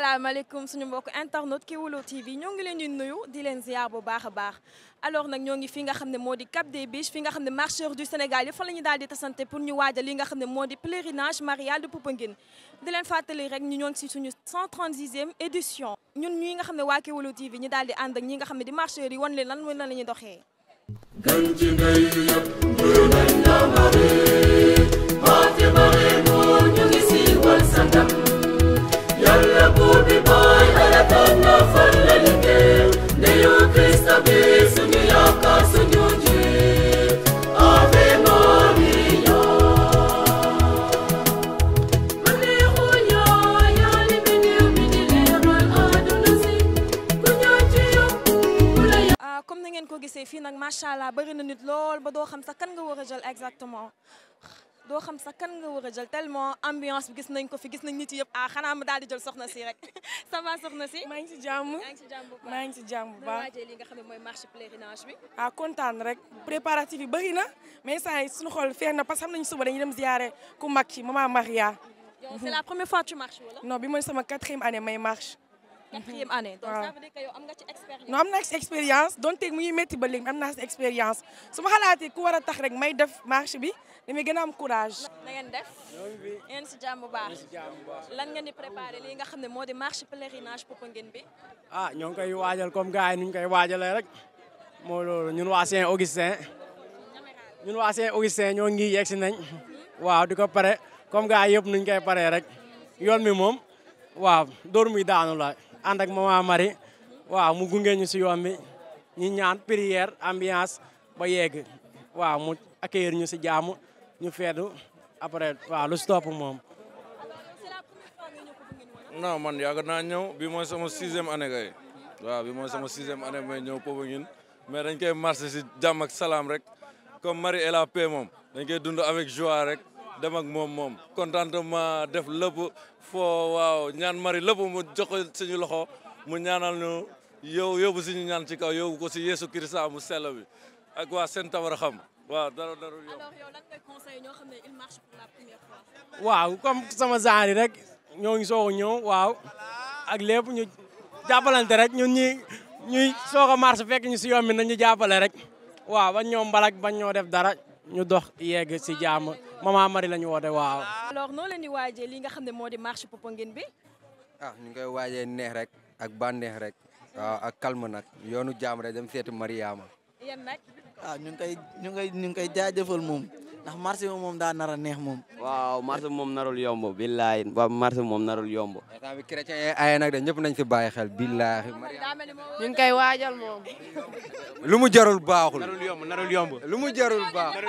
asalaamaaleykum suñu mbokk internet Kéwoulo TV ñu ngi leen di nuyu di leen ziar bu baax a baax alors nag ñoo ngi fi nga xam ne moo di Cap des Biches fi nga xam ne marcheurs du Sénégal yëpp fa la ñu daal di tasante pour ñu waajal li nga xam ne moo di pèlerinage marial de poupengine di leen fàttali rek ñu ñoo ngi si suñu 136e édition ñun ñi nga xam ne waa Kéwoulo TV ñu daal di ànd ak ñi nga xam ne di marcheur yi wan leen lan mooy lan la ñuy doxee gën ci ngay yëpp ko gisee fii nag macha allah na nit lool ba xam kan nga exactement xam kan nga a tellement ambiance nañ ko ah ça va li nga xam pèlerinage bi. ah rek préparatif yi na mais yi suñu na parce que suba dañuy dem ku ci maman Maria. la première fois tu marches wala. non bi quatrième année marche. Mhm. quatrième année. donc ça am nga ci expérience. non am expérience donte mu ngi métti ba léegi am naa expérience su ma xalaatee ku war a tax rek may def marche bi damay gën a am courage. na ngeen def ngeen si jàmm lan ngeen di préparé lii nga xam ne moo di marche pèlerinage Popenguine bi. ah ñoo ngi koy waajal comme gars yi ni ñu koy waajalee rek moo loolu ñun waa Saint Augustin ñun waa Saint Augustin ñoo ngi yegg si nañ waaw di ko pare comme gars yëpp nuñ koy paree rek yoon mi moom waaw dóor muy la. ànd ak maman Marie waaw mu gunge ñu si yoon bi ñu ñaan prière ambiance ba yegg waaw mu accueillir ñu si jaamu ñu feetu après waaw lu stop mom. non man yàgg na ñëw bi mooy sama sixième ane gay. waaw bi mooy sama sixième ane may ñëw Popenguine mais dañ koy marché si jàmm ak salaam rek comme mari et paix moom dañ koy dund avec joie rek. dem ak moom moom contentement def lépp foo waaw ñaan mari lépp mu jox ko loxo mu ñaanal ñu yow yóbbu suñu ñaan ci ko si Yeesu Kirista mu sell ak wa seen tawar a xam waaw dara dara yow. alors sama genre yi rek ñoo ngi soog a ñëw waaw ak lépp ñu jàppalante rek ñun ñi ñuy soog a marche fekk ñu si yoon bi nañu jàppale rek waaw bañ mbalak bañ ñoo def dara. ñu dox yegg si jàmm maman Marie la ñu woote waaw. alors noo leen di waajee li nga xam ne moo di marche Popenguine bi. ah ñu ngi koy waajee neex rek ak bànneex rek waaw ak calme nag yoonu jàmm rek dem seeti Mariama. yéen nag. ah ñu ngi koy ñu koy ñu ngi koy jaajëfal moom. ndax marché bi moom daa nar neex moom. waaw marché moom narul yombo billaay waaw marché moom narul yomb. état bi chrétien yi ay nag de ñëpp nañ si bàyyi xel billaay. ñu ngi koy waajal mu jarul baaxul. narul yomb narul yomb. lu mu jarul baaxul.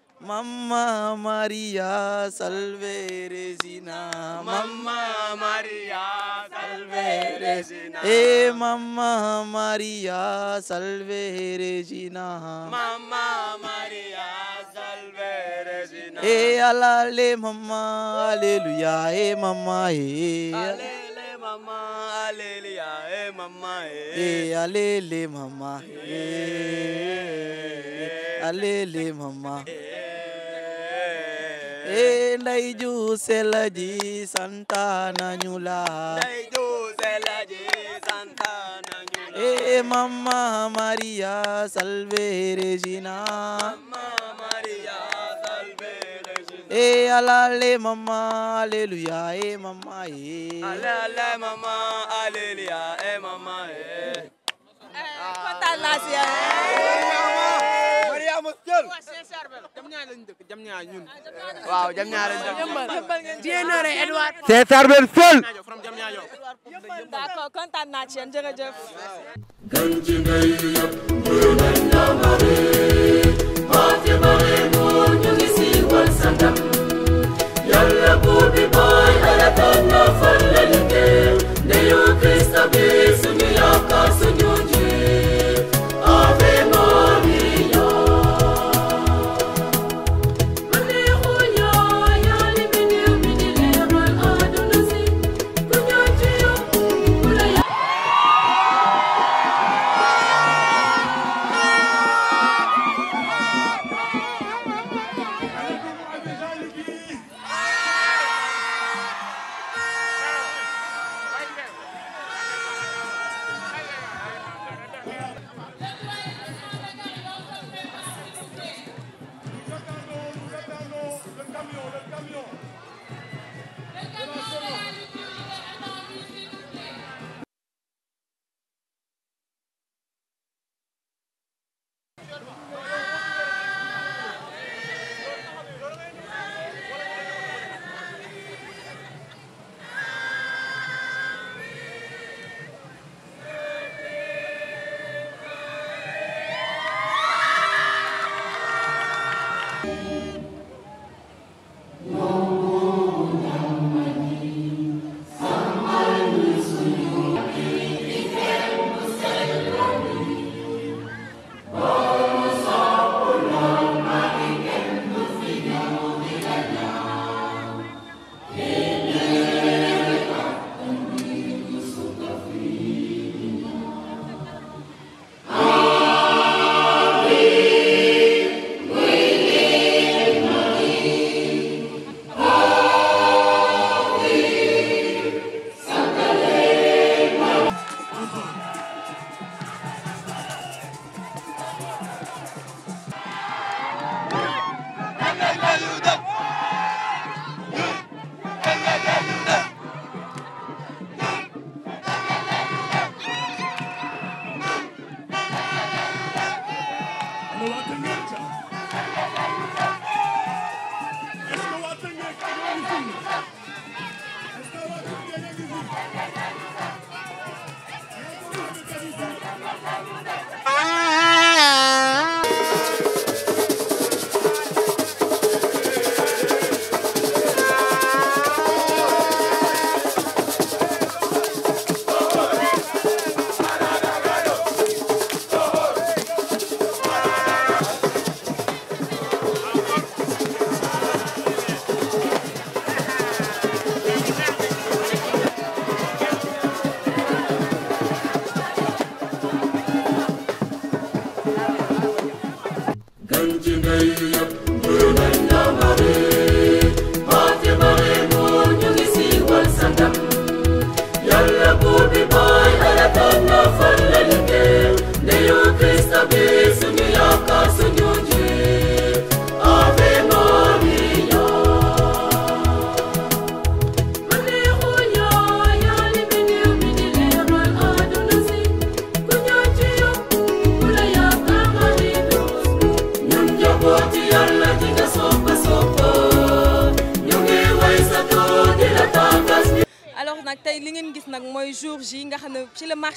Mamma Maria salve regina Mamma Maria salve regina E Mamma Maria salve regina Mamma Maria salve regina E alale mamma alleluia e mamma e Alele mamma alleluia e mamma e E alele mamma e Alele mamma e e nday ju sell santa nañu la nday ju sell santa nañu la e eh, mamma maria salve regina mamma maria salve regina e eh, alale mamma alleluia e eh, mamma e alale mamma alleluia e mamma e kontaan naa si jël waaw jam ñaa lañ dëkk Dienore Edouard César Ben Fall d'accord naa ci yéen jërëjëf gan ci ngay yëpp mburu la bari boo bari nguur ñu ngi siiwal sa ndam yàlla buur bi booy ala tan na fan la liggéey ndeyu Krista bi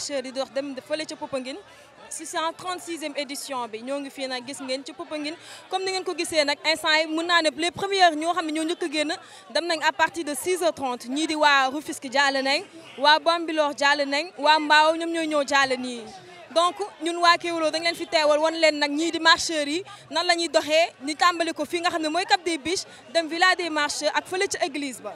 chercheurs yi di dem fele ci popangine ci 136e sixième édition bi ñoo ngi fii nag gis ngeen ci popangine comme ni ngeen ko gisé nak instant yi mën naa ne les premières ñoo xamni ñoo ñëk a dem nañ à partir de 6 h 30 ñi di wa Rufisque jall nañ wa Bambilor jall nañ wa Mbaaw ñom ñooy ñëw jall ni donc ñun wa Kéwoulo dañ leen fi téwal won leen nak ñi di marcheurs yi nan lañuy doxé ni tambalé ko fi nga xamni moy Cap des Biches dem village des marcheurs ak fele ci église ba.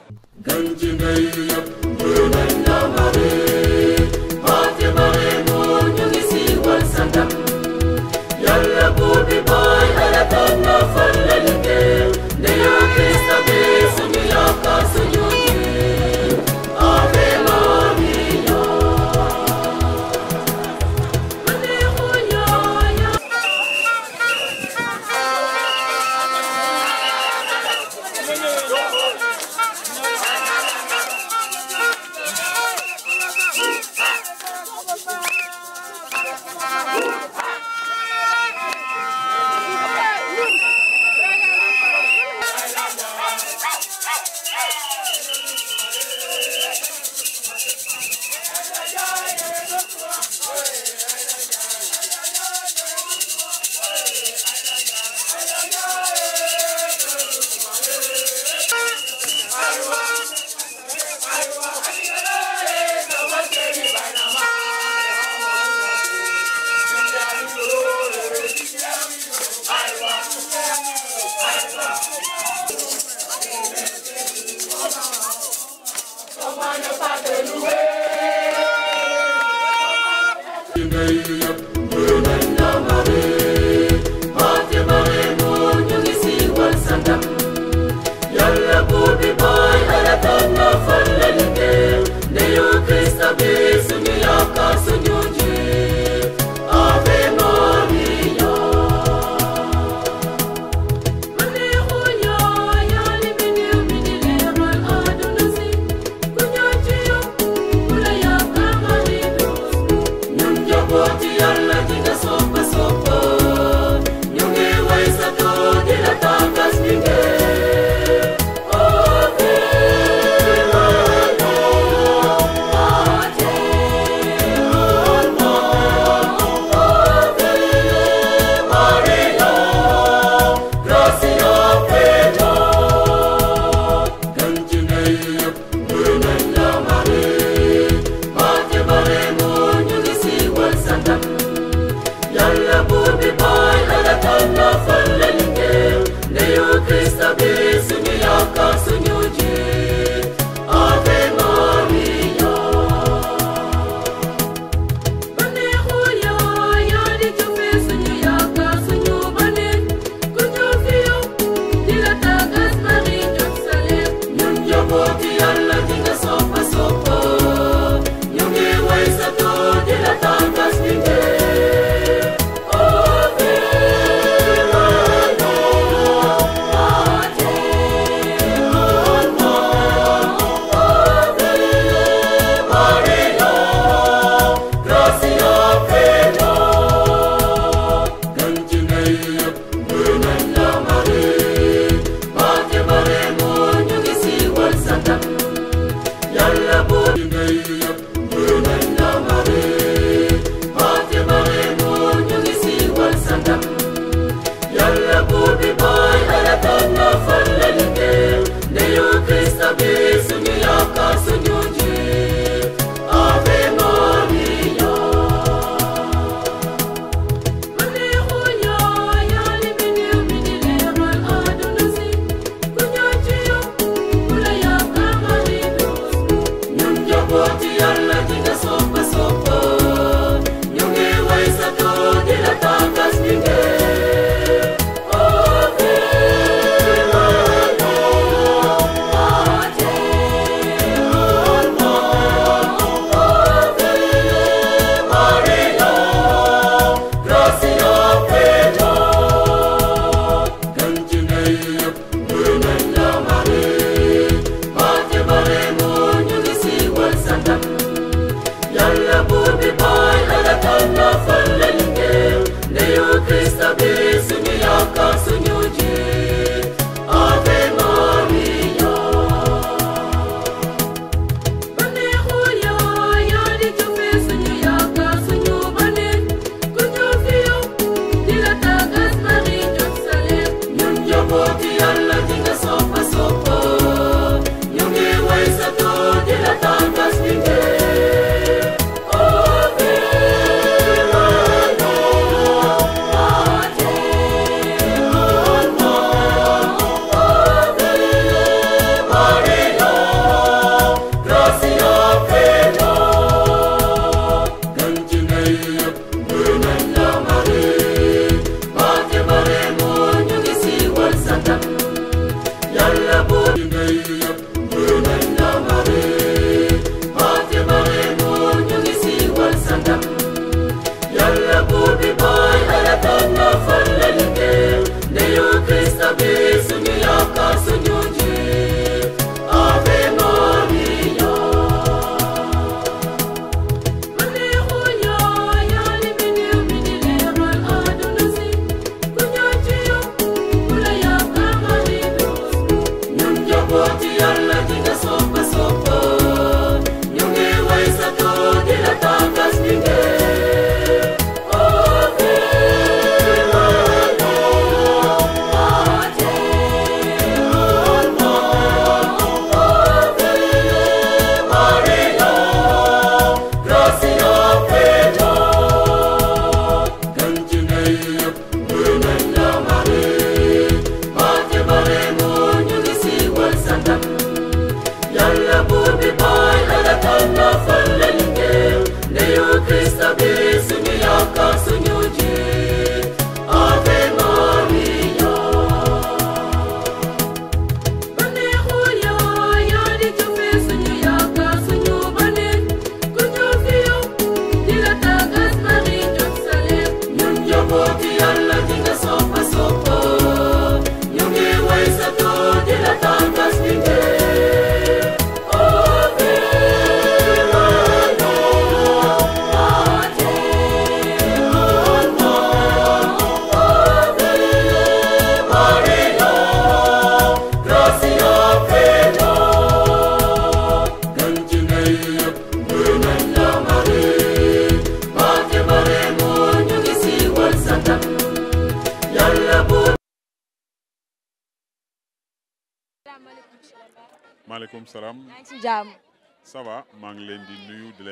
ça va Mang de nuyu di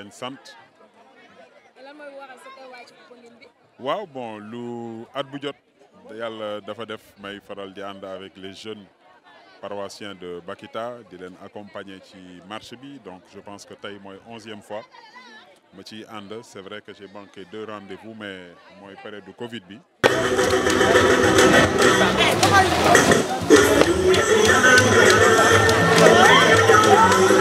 bon Lou, ad bu jot yàlla dafa faral avec les jeunes paroissiens de Bakita di l'accompagner qui marche bi donc je pense que moi 11e fois ma ande, c'est vrai que j'ai manqué deux rendez-vous mais moi il période de Covid bi. Eh, Bye.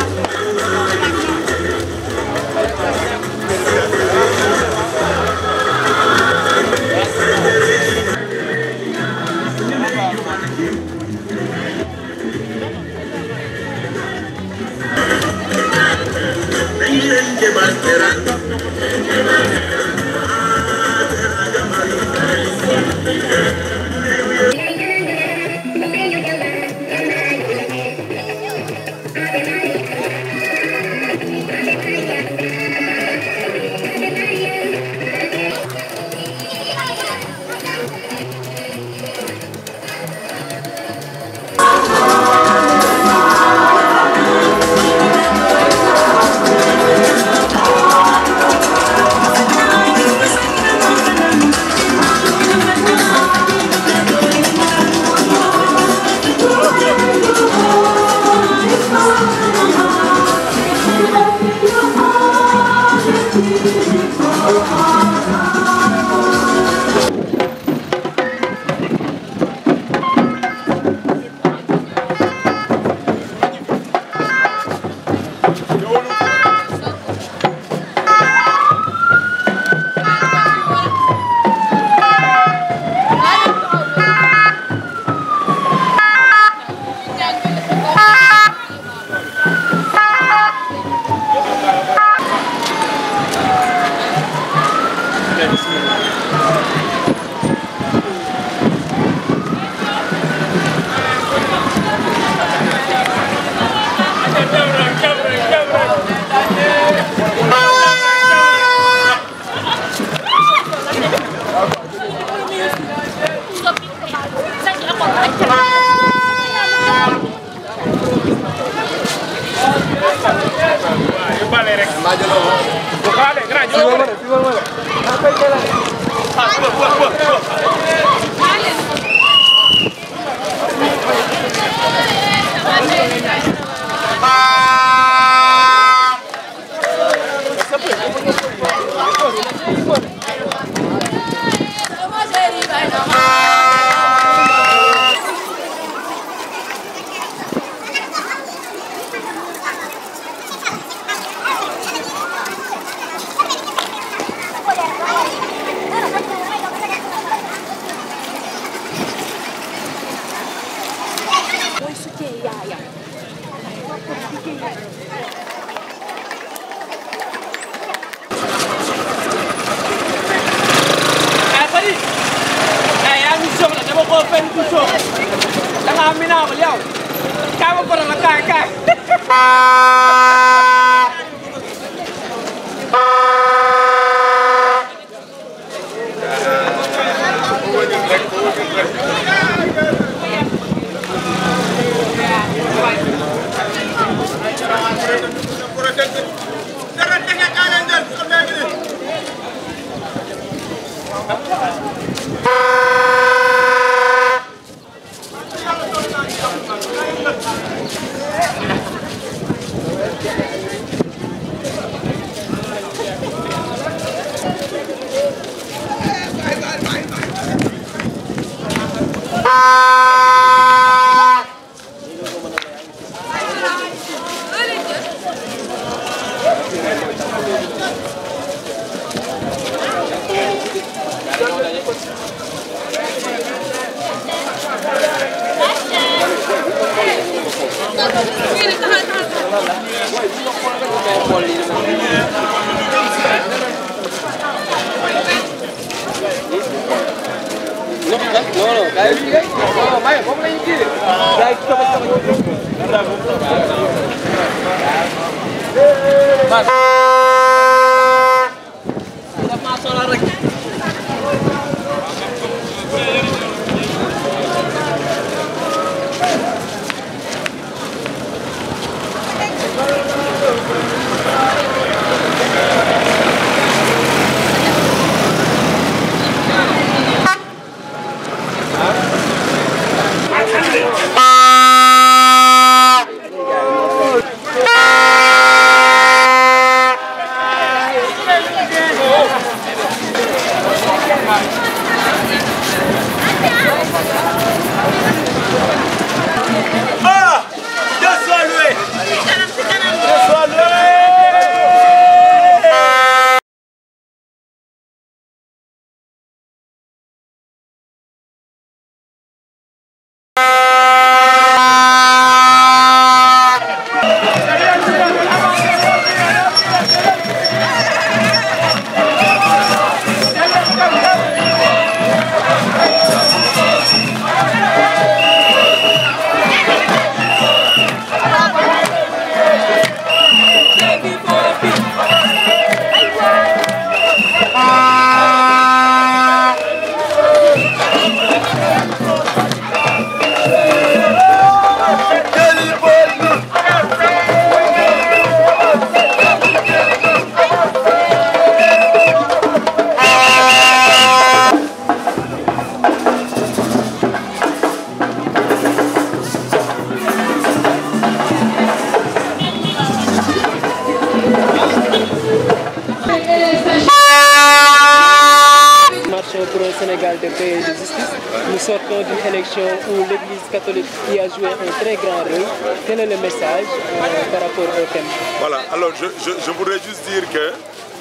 you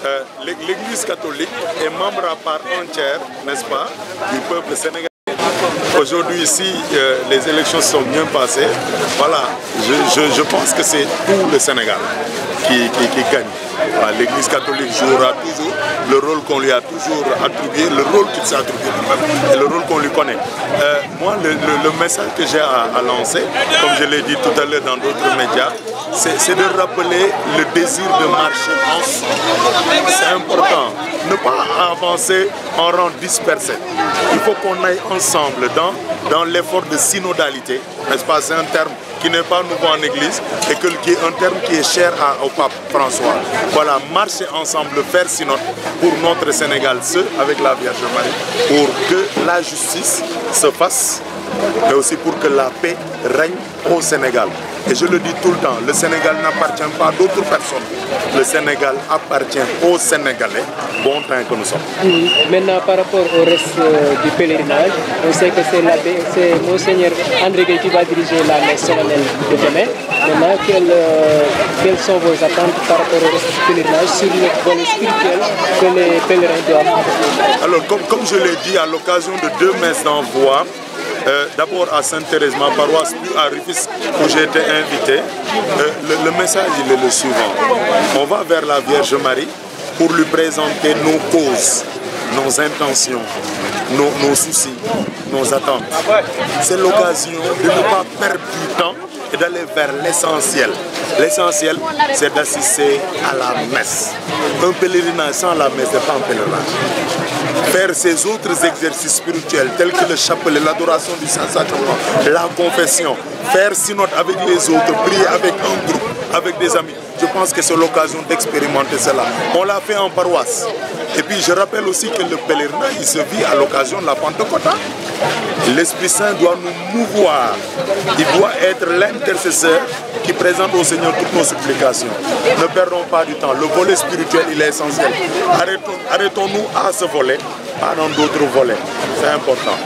Euh, l'Église catholique est membre à part entière, n'est-ce pas, du peuple sénégalais. Aujourd'hui, si euh, les élections sont bien passées, voilà, je, pense que c'est tout le Sénégal qui, qui, qui gagne. L'Église catholique jouera toujours le rôle qu'on lui a toujours attribué, le rôle qu'il s'est attribué lui-même et le rôle qu'on lui connaît. Euh, moi, le, message que j'ai à, lancer, comme je l'ai dit tout à l'heure dans d'autres médias, c'est de rappeler le désir de marcher ensemble. C'est important. Ne pas avancer en rang dispersé. Il faut qu'on aille ensemble dans, dans l'effort de synodalité, n'est-ce pas un terme qui n'est pas nouveau en Église et que, qui est un terme qui est cher au pape François. Voilà, marcher ensemble, faire sinon pour notre Sénégal, ce avec la Vierge Marie, pour que la justice se fasse, mais aussi pour que la paix règne au Sénégal. Et je le dis tout le temps, le Sénégal n'appartient pas à d'autres personnes. Le Sénégal appartient aux Sénégalais, bon temps que nous sommes. Maintenant, par rapport au reste euh, du pèlerinage, on sait que c'est c'est Monseigneur André Gueye qui va diriger la messe solennelle de demain. Maintenant, quelles, euh, sont vos attentes par rapport au reste du pèlerinage sur le spirituel que les pèlerins doivent Alors, comme, comme je l'ai dit à l'occasion de deux messes d'envoi, euh, d'abord à Sainte-Thérèse, ma paroisse, puis à Rufus, où j'ai été invité, euh, le, message il est le suivant. On va vers la Vierge Marie pour lui présenter nos causes, nos intentions, nos, nos, soucis, nos attentes. C'est l'occasion de ne pas perdre du temps et d'aller vers l'essentiel. L'essentiel, c'est d'assister à la messe. Un pèlerinage sans la messe n'est pas un pèlerinage faire ces autres exercices spirituels tels que le chapelet, l'adoration du Saint-Sacrement, la confession, faire synode avec les autres, prier avec un groupe, avec des amis. Je pense que c'est l'occasion d'expérimenter cela. On l'a fait en paroisse. Et puis je rappelle aussi que le pèlerinage, il se vit à l'occasion de la Pentecôte. Hein. L'Esprit Saint doit nous mouvoir. Il doit être l'intercesseur qui présente au Seigneur toutes nos supplications. Ne perdons pas du temps. Le volet spirituel, il est essentiel. Arrêtons-nous à ce volet, pas dans d'autres volets. C'est important.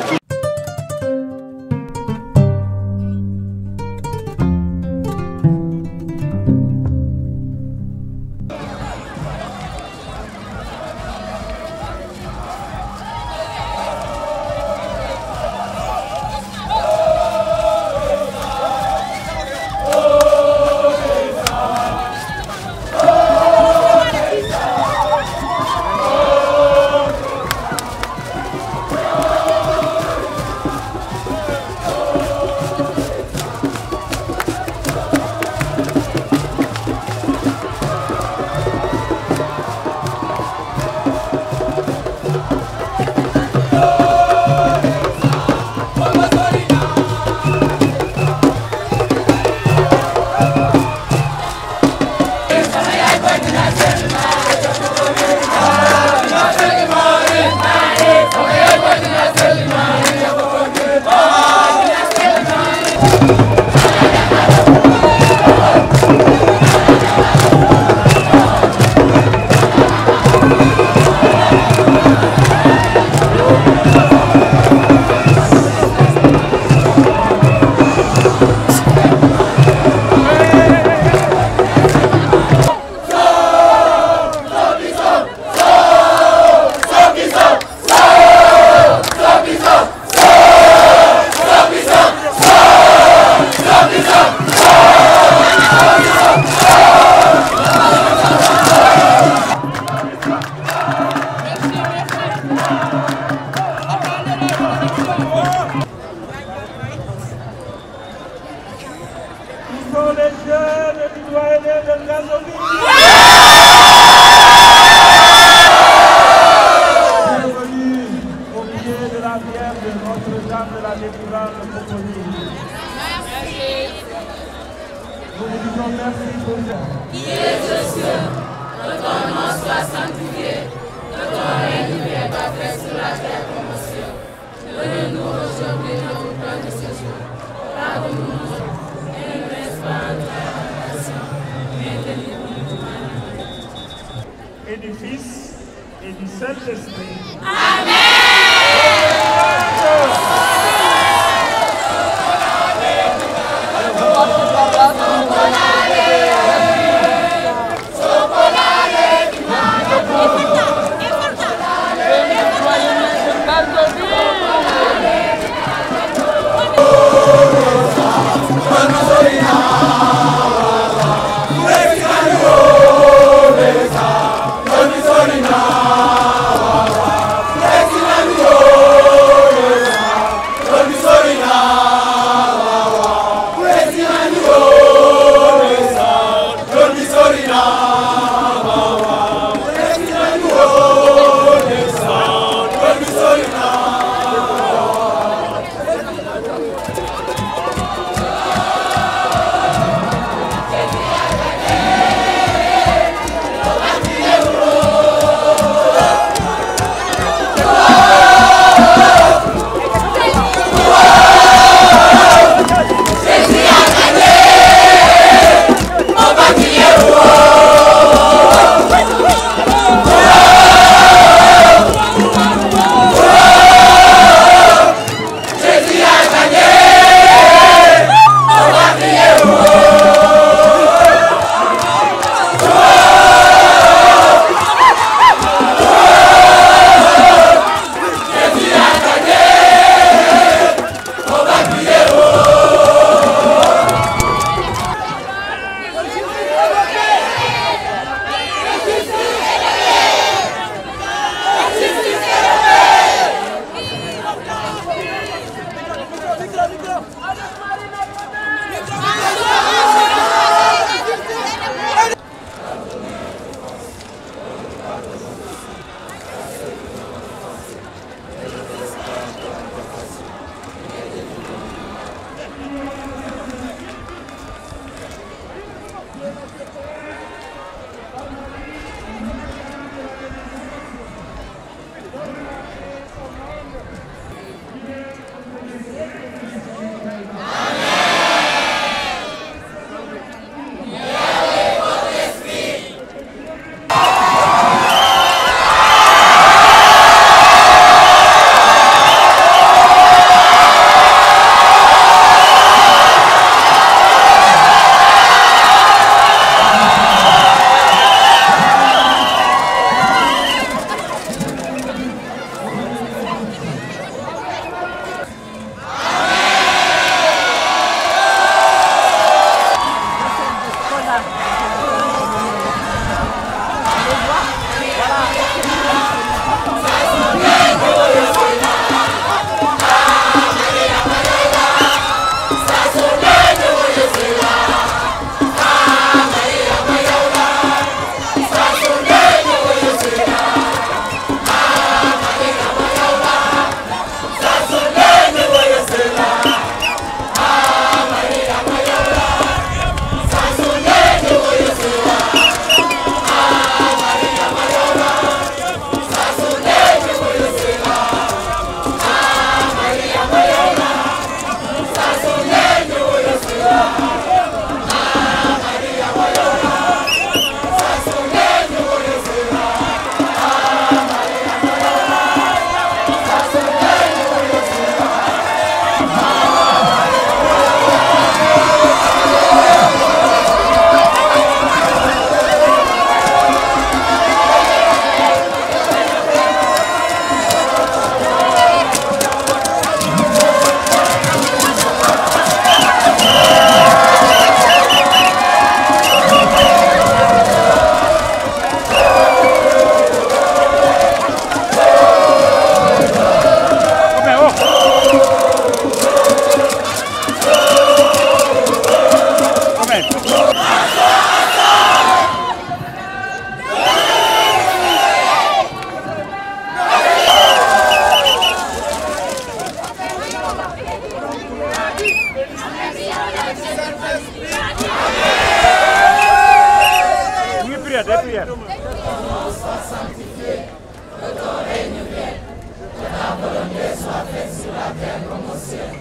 soit faite la terre comme au ciel.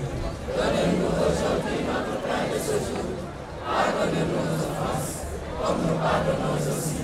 Donne-nous aujourd'hui notre pain de ce jour. nous nos offenses, comme nous pardonnons aussi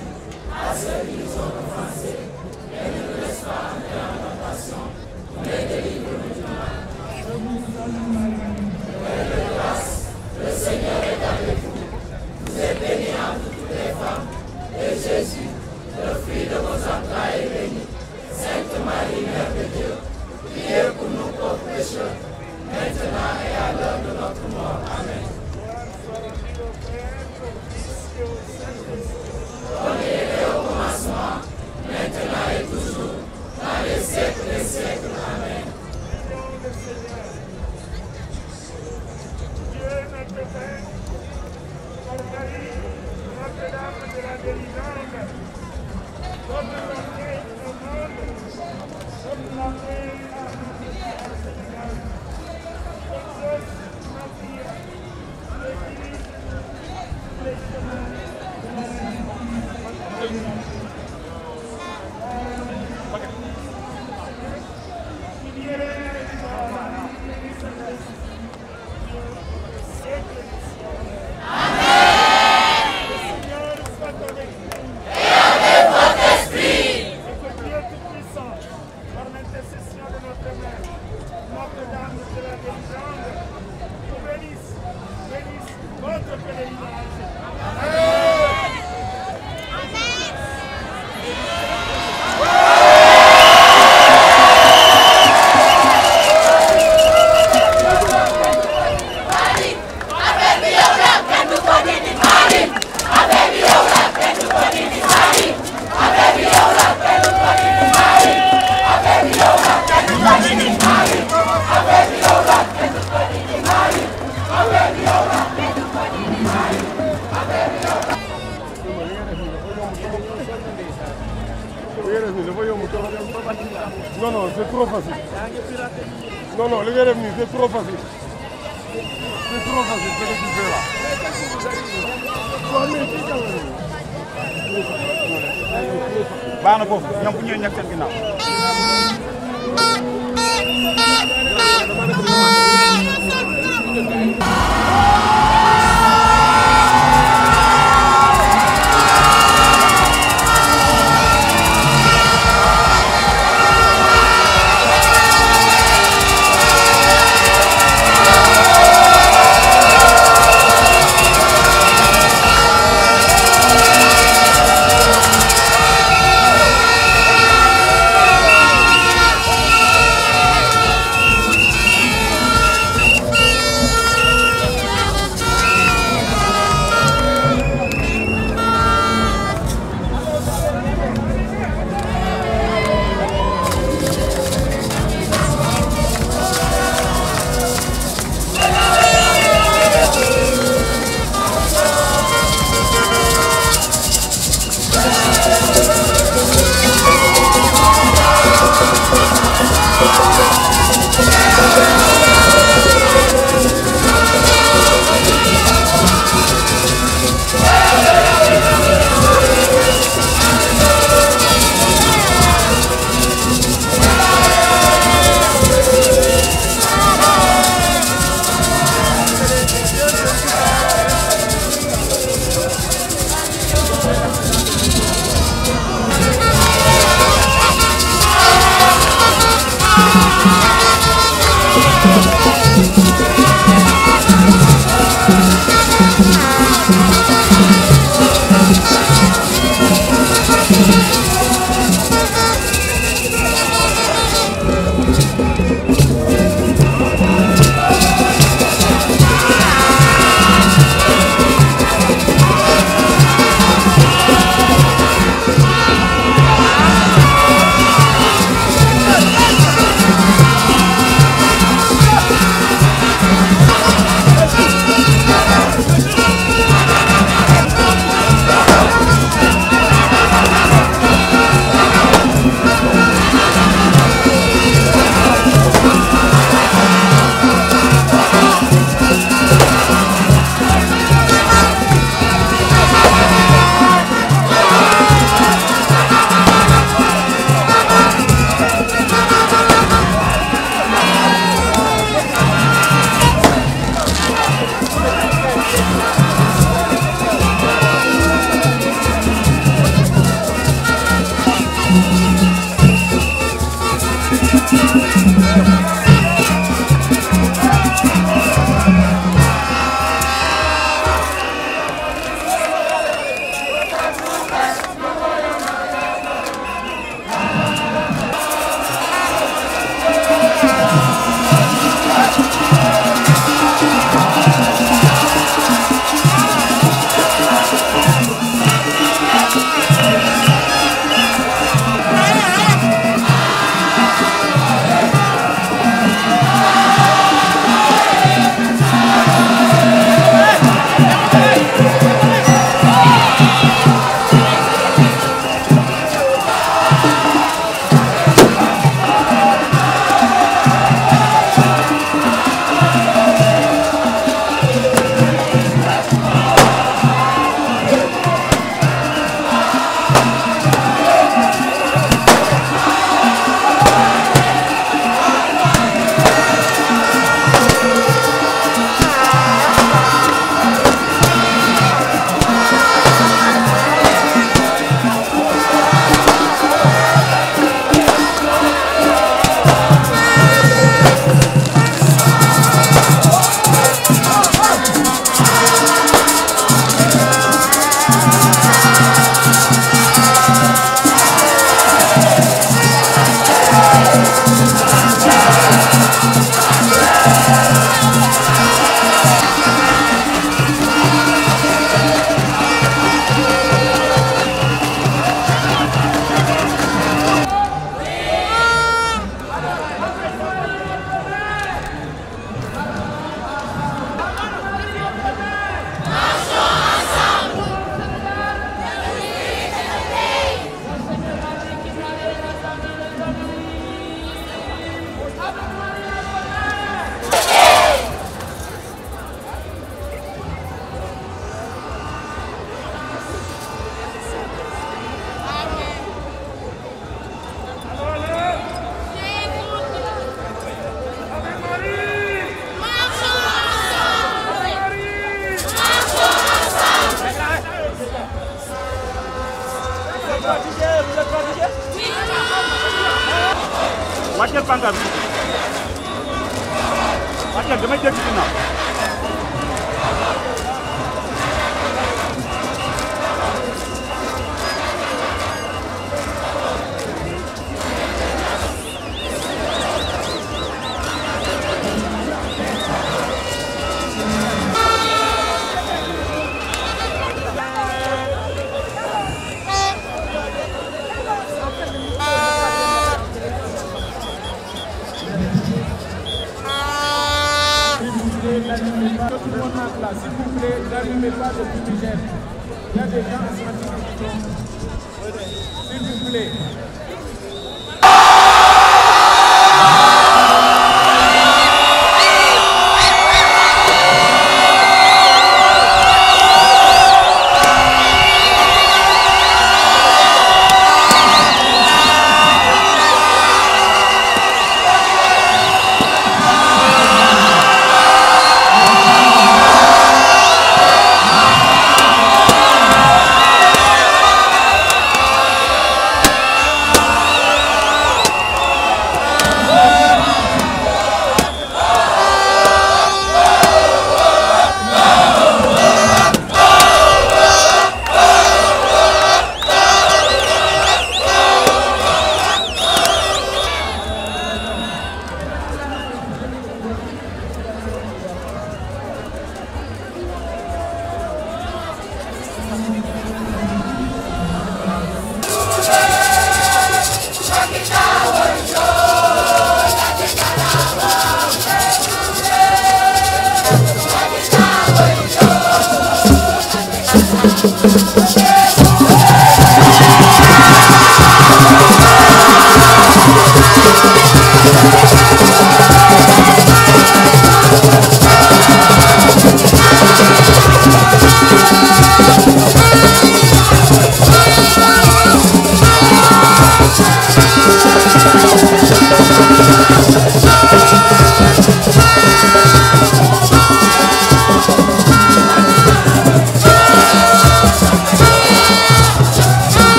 Oh!